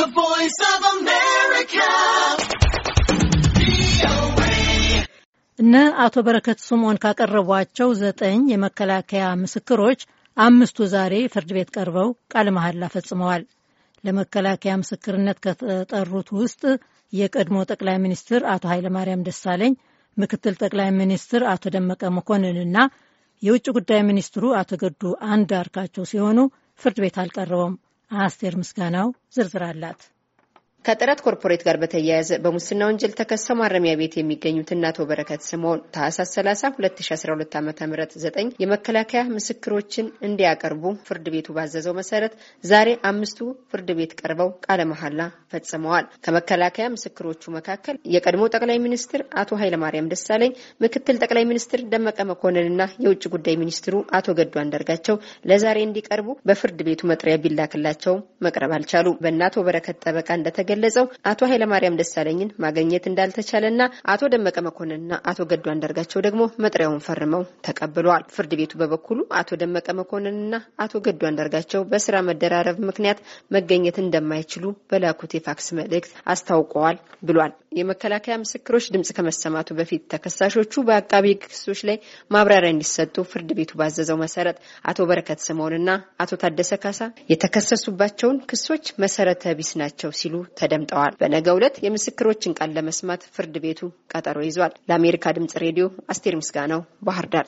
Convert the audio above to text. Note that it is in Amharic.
The Voice of America. እነ አቶ በረከት ስምዖን ካቀረቧቸው ዘጠኝ የመከላከያ ምስክሮች አምስቱ ዛሬ ፍርድ ቤት ቀርበው ቃለ መሐላ ፈጽመዋል። ለመከላከያ ምስክርነት ከተጠሩት ውስጥ የቀድሞ ጠቅላይ ሚኒስትር አቶ ኃይለማርያም ደሳለኝ፣ ምክትል ጠቅላይ ሚኒስትር አቶ ደመቀ መኮንንና የውጭ ጉዳይ ሚኒስትሩ አቶ ገዱ አንዳርጋቸው ሲሆኑ ፍርድ ቤት አልቀረበም። አስቴር ምስጋናው ዝርዝር አላት። ከጥረት ኮርፖሬት ጋር በተያያዘ በሙስና ወንጀል ተከሰው ማረሚያ ቤት የሚገኙት እነ አቶ በረከት ስምኦን ታህሳስ 30 2012 ዓ ም ዘጠኝ የመከላከያ ምስክሮችን እንዲያቀርቡ ፍርድ ቤቱ ባዘዘው መሰረት ዛሬ አምስቱ ፍርድ ቤት ቀርበው ቃለ መሐላ ፈጽመዋል። ከመከላከያ ምስክሮቹ መካከል የቀድሞ ጠቅላይ ሚኒስትር አቶ ኃይለማርያም ደሳለኝ፣ ምክትል ጠቅላይ ሚኒስትር ደመቀ መኮንንና የውጭ ጉዳይ ሚኒስትሩ አቶ ገዱ አንዳርጋቸው ለዛሬ እንዲቀርቡ በፍርድ ቤቱ መጥሪያ ቢላክላቸው መቅረብ አልቻሉ። በእነ አቶ በረከት ጠበቃ እንደተገ የገለጸው አቶ ኃይለማርያም ደሳለኝን ማግኘት እንዳልተቻለና አቶ ደመቀ መኮንንና አቶ ገዱ አንዳርጋቸው ደግሞ መጥሪያውን ፈርመው ተቀብለዋል። ፍርድ ቤቱ በበኩሉ አቶ ደመቀ መኮንንና አቶ ገዱ አንዳርጋቸው በስራ መደራረብ ምክንያት መገኘት እንደማይችሉ በላኩት የፋክስ መልእክት አስታውቀዋል ብሏል። የመከላከያ ምስክሮች ድምጽ ከመሰማቱ በፊት ተከሳሾቹ በአቃቢ ሕግ ክሶች ላይ ማብራሪያ እንዲሰጡ ፍርድ ቤቱ ባዘዘው መሰረት አቶ በረከት ስምኦንና አቶ ታደሰ ካሳ የተከሰሱባቸውን ክሶች መሰረተ ቢስ ናቸው ሲሉ ተደምጠዋል። በነገው ዕለት የምስክሮችን ቃል ለመስማት ፍርድ ቤቱ ቀጠሮ ይዟል። ለአሜሪካ ድምጽ ሬዲዮ አስቴር ምስጋናው ባህር ዳር